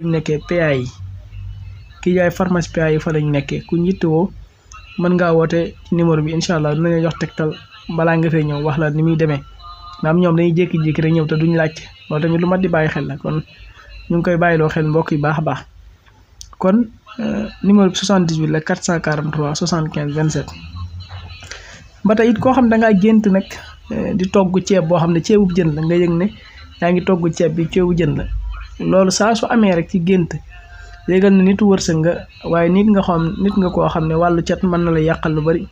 lañ nekkee PA yi kii jaay pharmacie PA yi fa lañ nekkee ku ñittewoo mën ngaa woote ci numéro bi incha allah dinañ jox tegtal balaa nga fay ñëw wax la ni muy demee ndax ñoom dañuy jékki-jékki rek ñëw te duñ laajte loolu tamit lu mat di bàyyi xel la kon ñu ngi koy bàyyiloo xel mbokk yi baax a baax kon euh, numéro bi 78 la 443 75 27. ba tey it koo xam da ngaa gént nag euh, di togg ceeb boo xam ne ceebub jën la nga yëg ne yaa ngi togg ceeb bi ceebu jën la Lol saa su amé rek ci gënt léegal na nitu wërse nga waaye nit nga xam nit nga ko xamné ne wàllu man na la yakal lu bari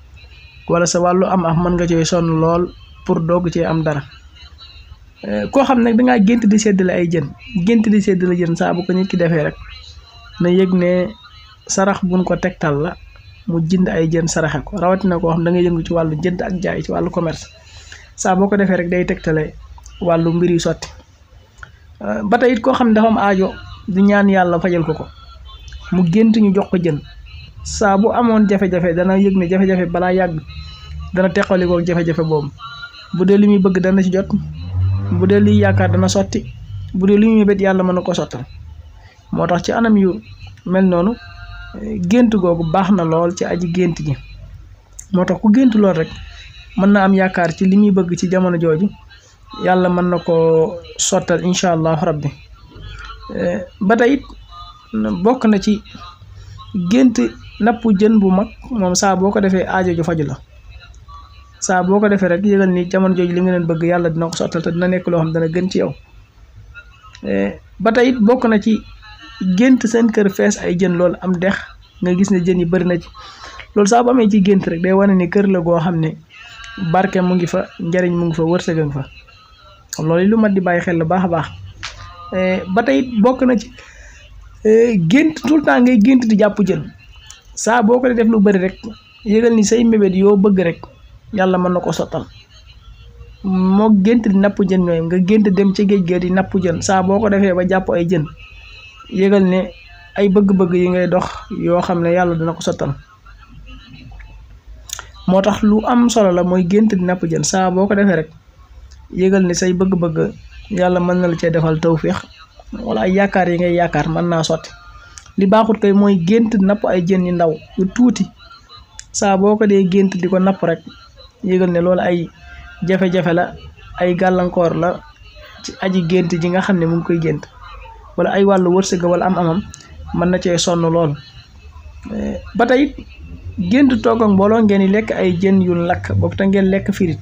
wala sa walu am am man nga ci son lool pour dog ci am dara eh, ko xam da nga gént di la ay jën gént di la jën saa bu ko nit ki rek na yegg ne sarax buñ ko tektal la mu jind ay jën saraxe ko na ko xam da ngay yëngu ci walu jënd ak jaay ci walu commerce saa boo ko rek day tektalé walu mbiri soti Euh, ba tey it koo xam ne dafa am aajo du ñaan yàlla fajal ko ko mu gént ñu jox ko jën saa bu amoon jafe-jafe dana yëg ne jafe balaa yàgg dana teqali ko jafe-jafe boobu bu dee li muy bëgg dana ci jot bu dee liy yaakaar dana sotti bu dee li muy bët yàlla mën na ko sottal moo tax ci anam yu mel noonu gént googu baax na lool ci aji gént ji moo tax ku gént lool rek mën na am yaakaar ci li muy bëgg ci jamono jooju. yàlla mën na koo sottal incha allah rabbi eh, ba tey bokk na ci gént napp jën bu mag moom saa boo ko defee aajo ju faju la saa boo ko defee rek yëgal ni jamono jooju li nga leen bëgg yàlla dina ko sottal te dina nekk loo xam gën ci yow eh, ba tey bokk na ci gént seen kër fees ay jën loolu am dex nga gis ne jën yi bëri na ci loolu saa bu amee ci gént rek day wane ni kër la goo xam ne barke mu ngi fa njariñ mu ngi fa wërsëg a ngi fa loolu lu mat di bàyyi xel lu baax a baax eh, ba tey bokk na ci eh, gént tout le temps ngay gént di jàpp jën saa boo ko def lu bëri rek yëgal ni say mébét yoo bëgg rek yàlla mën na ko sottal moo gént di napp jën ñooy nga gént dem ci géej ga di napp jën saa boo ko defee ba jàpp ay jën yëgal ne ay bëgg-bëgg yi ngay dox yoo xam ne yàlla dina ko sottal moo tax lu am solo la mooy gént di napp jën saa boo ko defee rek. yëgal ne say bëgg-bëgg yàlla mën na la cee defal féex wala ay yaakaar yi ngay yaakaar mën naa sotti li baaxut kay mooy gént napp ay jën yu ndaw yu tuuti saa boo ko dee gént di ko napp rek yëgal ne loolu ay jafe la ay gàllankoor la ci aji gént ji nga xam ne mu ngi koy gént wala ay wàll wërsëg wala am-amam mën na cee sonn lool eh, ba tey gént toog ak mbooloo ngeen yi lekk ay jën yu lakk boobu te ngeen lekk firit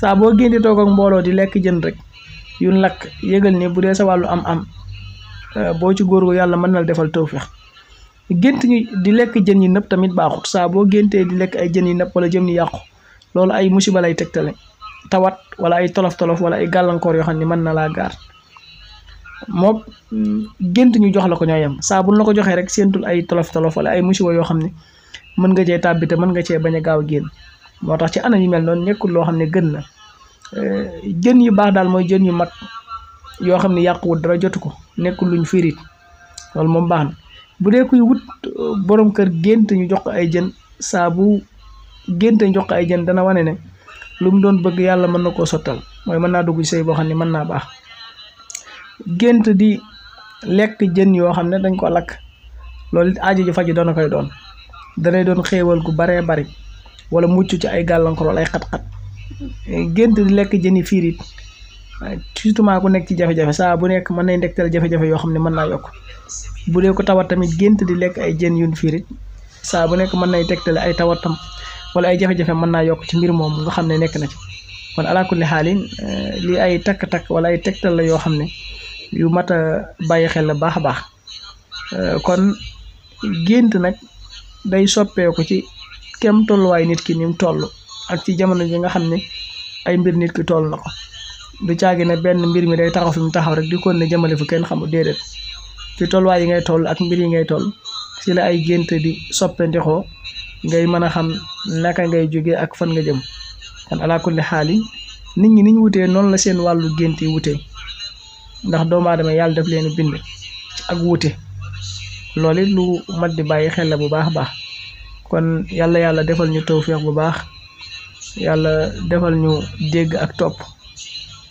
saa boo génn toog ak mbooloo di lekk jën rek yun lakk yëgal ni bu dee sa wàllu am-am euh, boo ci góor gu yàlla mën na la defal tawféex gént ñi di lekk jën yi nëpp tamit baaxut saaboo boo géntee di lekk ay jën yi nëpp wala jëm ni yàqu loolu ay musiba lay tegtale tawat wala ay tolof tolof wala ay gàllankoor yoo xam ne mën na laa gaar moom gént ñu jox la ko ñooy yem saa la ko joxee rek séentul ay tolof wala ay musiba yoo xam ne mën nga cee tàbbite mën nga cee bañ a gaaw génn moo tax ci anam yu mel noonu nekkul loo xam ne gën na eh, jën yu baax daal mooy jën yu mag yoo xam ne yàquwut dara jotu ko nekkul lu luñ firit loolu moom baax na bu dee kuy wut uh, borom kër gént ñu jox ko ay jën saabu bu gént ñu jox ko ay jën dana wane ne lu mu doon bëgg yàlla mën na koo sottal mooy mën naa dugg sëy boo xam ne mën naa baax gént di lekk jën yoo xam ne dañ ko lakk loolu it aajo ju faju doona koy doon danay doon xéewal gu baree bari wala mucc ci ay gàllankoor wala ay xat-xat eh, gént di lekk jëni fiir it eh, surtout ku nekk ci jafe-jafe saa bu nekk mën na ndektal jafe yoo xam ne mën naa yokk bu dee ko tawat tamit gént di lekk ay jën yun fiir it saa bu nekk mën nay tegtale ay tawatam wala ay jafe mën naa yokk ci mbir moom nga xam ne nekk na ci kon ala kulli xaalin eh, lii ay takk-takk wala ay tegtal la yoo xam ne yu mat a bàyyi xel la baax a baax kon gént nag day soppeeku ci kem tolluwaay nit ki ni mu toll ak ci jamono ji nga xam ne ay mbir nit ki toll na ko du caagi ne benn mbir mi day taxaw fu mu taxaw rek di kon ne jëmale fu kenn xamul déedéet ci tolluwaay yi ngay toll ak mbir yi ngay toll ci la ay gént di soppandikoo ngay mën a xam naka ngay jóge ak fan nga jëm kon ala kulli xaal nit ñi ni ñu wutee noonu la seen wàllu gént yi wutee ndax doomu yàlla def leen bind ci ak wute loolu lu mat di bàyyi xel la bu baax a baax. kon yàlla yàlla defal ñu tawféex bu baax yàlla defal ñu dégg ak topp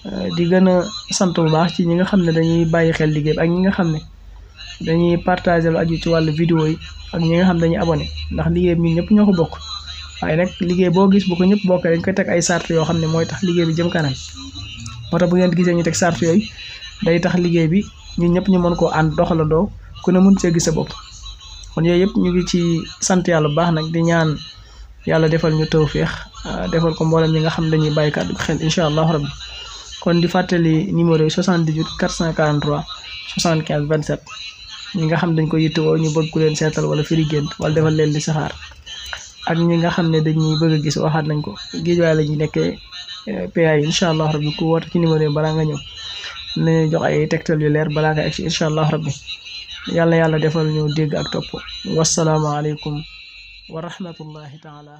euh, di gën a sant bu baax ci ñi nga xam ne dañuy bàyyi xel liggéey bi ak ñi nga xam ne dañuy partage lu aju ci wàllu vidéo yi ak ñi nga xam dañuy abonné ndax liggéey bi ñëpp ñoo ko bokk waaye nag liggéey boo gis bu ko ñëpp bokkee dañ koy teg ay sart yoo xam ne mooy liggéey bi jëm kanam moo tax bu ngeen gisee ñu teg sart yooyu day tax liggéey bi ñun ñëpp ñu mën koo ànd doxalandoo ku ne mën see gis sa bopp kon yoy yep ñu ngi ci sante yalla bax nak di ñaan yalla defal ñu tawfiq euh, defal ko mbolam yi nga xam dañuy bay kaddu xel inshallah rabbi kon di fatali numéro 78 443 75 27 ñi nga xam dañ ko wo ñu bëgg ku leen sétal wala firi gént wala defal leen li saxaar ak ñi nga xam ne dañuy bëgg gis waxat nañ ko gëj waaye la nekké euh, PA inshallah rabbi ku woote ci numéro bala nga ñëw nañu jox ay tektal yu leer bala nga ex inshallah rabbi yàlla yàlla defal ñu dégg ak topp wassalaamu aleykum wa rahmatullahi taala